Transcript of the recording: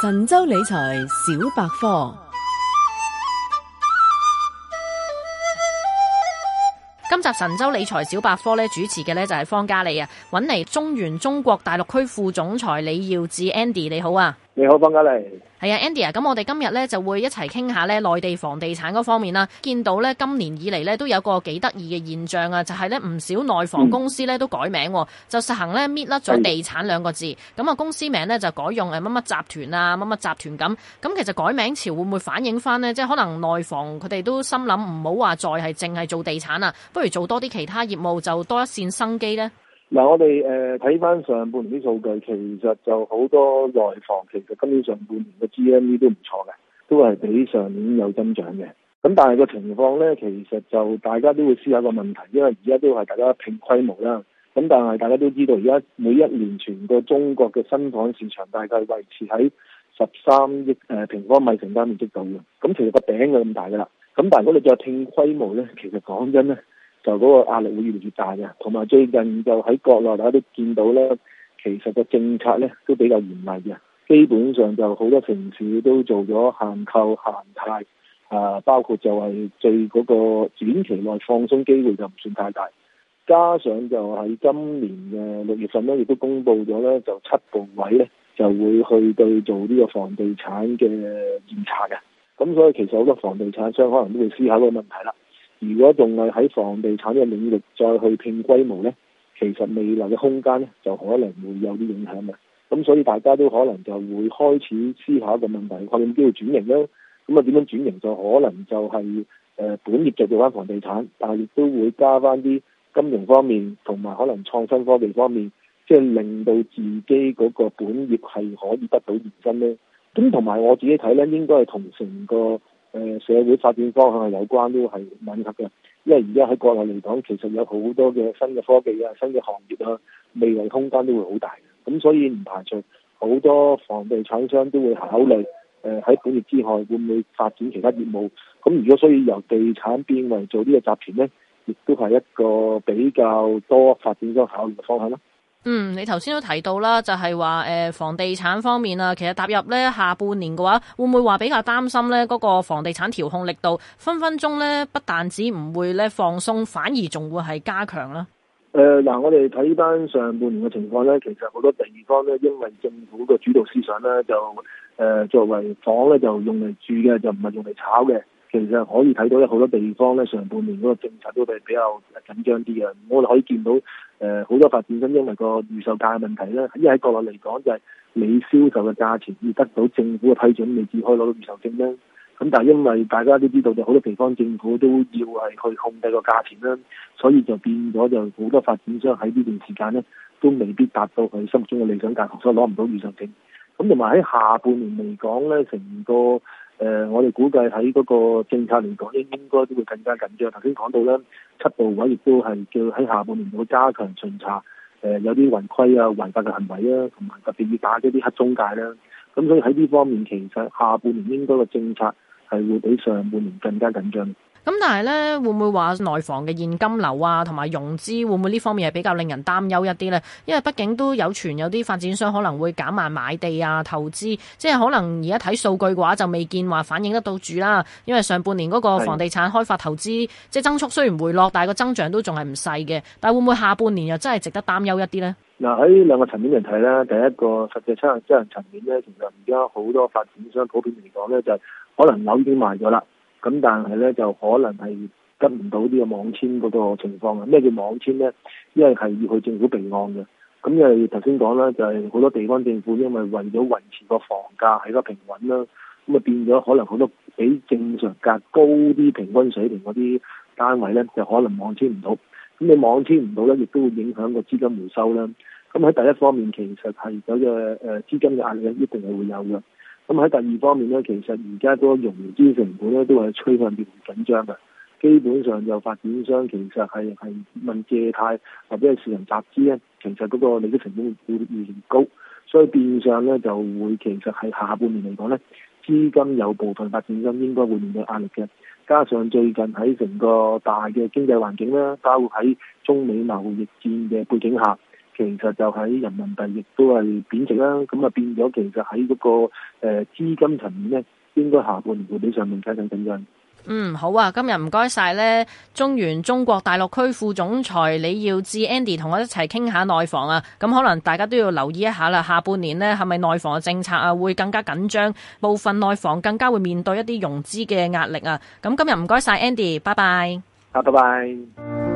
神州理財小百科，今集神州理財小百科咧主持嘅，咧就係方嘉莉啊，揾嚟中原中國大陸區副總裁李耀智。Andy，你好啊。你好，係啊，Andy 啊，咁我哋今日咧就會一齊傾下咧內地房地產嗰方面啦。見到咧今年以嚟咧都有個幾得意嘅現象啊，就係咧唔少內房公司咧都改名，嗯、就實行咧搣甩咗地產兩個字。咁啊，公司名咧就改用誒乜乜集團啊，乜乜集團咁。咁其實改名潮會唔會反映翻呢？即係可能內房佢哋都心諗唔好話再係淨係做地產啊，不如做多啲其他業務就多一線生機呢？嗱、啊，我哋誒睇翻上半年啲數據，其實就好多內房，其實今年上半年嘅 G M V 都唔錯嘅，都係比上年有增長嘅。咁但係個情況咧，其實就大家都會思考個問題，因為而家都係大家拼規模啦。咁但係大家都知道，而家每一年全個中國嘅新房市場大概維持喺十三億呃、平方米成交面積度嘅。咁其實個頂就咁大㗎啦。咁但係如果你再拼規模咧，其實講真咧。就嗰個壓力會越嚟越大嘅，同埋最近就喺國內大家都見到咧，其實個政策咧都比較嚴厲嘅，基本上就好多城市都做咗限購、限貸，啊，包括就係對嗰個短期內放鬆機會就唔算太大，加上就喺今年嘅六月份咧，亦都公布咗咧，就七部委咧就會去對做呢個房地產嘅檢查嘅，咁所以其實好多房地產商可能都會思考個問題啦。如果仲係喺房地產嘅領域再去拼規模呢，其實未來嘅空間呢，就可能會有啲影響嘅。咁所以大家都可能就會開始思考個問題，睇點機要轉型呢？咁啊，點樣轉型就可能就係、是、誒、呃、本業就做翻房地產，但亦都會加翻啲金融方面同埋可能創新科技方面，即、就、係、是、令到自己嗰個本業係可以得到延伸呢。咁同埋我自己睇呢，應該係同成個。誒社會發展方向有關都係吻合嘅，因為而家喺國內嚟講，其實有好多嘅新嘅科技啊、新嘅行業啊，未來空間都會好大嘅，咁所以唔排除好多房地產商都會考慮誒喺本業之外會唔會發展其他業務，咁如果所以由地產變為做呢個集團呢，亦都係一個比較多發展商考慮嘅方向啦。嗯，你頭先都提到啦，就係話誒，房地產方面啊，其實踏入咧下半年嘅話，會唔會話比較擔心咧？嗰個房地產調控力度分分鐘咧，不但止唔會咧放鬆，反而仲會係加強啦。誒，嗱，我哋睇翻上半年嘅情況咧，其實好多地方咧，因為政府嘅主導思想咧，就誒作為房咧就用嚟住嘅，就唔係用嚟炒嘅。其實可以睇到咧，好多地方咧，上半年嗰個政策都係比較緊張啲嘅。我哋可以見到，誒，好多發展商因為個預售價嘅問題咧，因為喺國內嚟講就係你銷售嘅價錢要得到政府嘅批准，你至可以攞到預售證啦。咁但係因為大家都知道，就好多地方政府都要係去控制個價錢啦，所以就變咗就好多發展商喺呢段時間咧，都未必達到佢心目中嘅理想價，所以攞唔到預售證。咁同埋喺下半年嚟講咧，成個誒、呃，我哋估計喺嗰個政策嚟講，應應該都會更加緊張。頭先講到呢，七部委亦都係叫喺下半年會加強巡查，誒、呃，有啲違規啊、違法嘅行為呀、啊，同埋特別要打嗰啲黑中介啦。咁所以喺呢方面，其實下半年應該個政策係會比上半年更加緊張。咁但係咧，會唔會話內房嘅現金流啊，同埋融資會唔會呢方面係比較令人擔憂一啲呢？因為畢竟都有傳有啲發展商可能會減慢買地啊、投資，即係可能而家睇數據嘅話就未見話反映得到住啦。因為上半年嗰個房地產開發投資即係增速雖然回落，但係個增長都仲係唔細嘅。但係會唔會下半年又真係值得擔憂一啲呢？嗱，喺兩個層面嚟睇呢，第一個實際出行即係層面呢，其實而家好多發展商普遍嚟講呢，就係可能樓已經賣咗啦。咁但係咧就可能係跟唔到呢個網簽嗰個情況啊！咩叫網簽咧？因為係要去政府備案嘅，咁因為頭先講啦，就係、是、好多地方政府因為為咗維持個房價係個平穩啦，咁啊變咗可能好多比正常價高啲平均水平嗰啲單位咧，就可能網簽唔到。咁你網簽唔到咧，亦都會影響個資金回收啦。咁喺第一方面，其實係有嘅呃、資金嘅壓力一定係會有嘅。咁喺第二方面咧，其實而家嗰個融資成本咧都係趨向變緊張嘅。基本上，有發展商其實係係問借貸或者係市場集資咧，其實嗰個利息成本會越嚟越高。所以變相咧就會其實喺下半年嚟講咧，資金有部分發展商應該會面對壓力嘅。加上最近喺成個大嘅經濟環境啦，包括喺中美貿易戰嘅背景下。其實就喺人民幣亦都係貶值啦，咁啊變咗其實喺嗰個誒資金層面咧，應該下半年會比上面加緊緊張。嗯，好啊，今日唔該晒咧，中原中國大陸區副總裁李耀智 Andy 同我一齊傾下內房啊，咁可能大家都要留意一下啦。下半年咧，係咪內房嘅政策啊，會更加緊張，部分內房更加會面對一啲融資嘅壓力啊。咁今日唔該晒 Andy，拜拜。好，拜拜。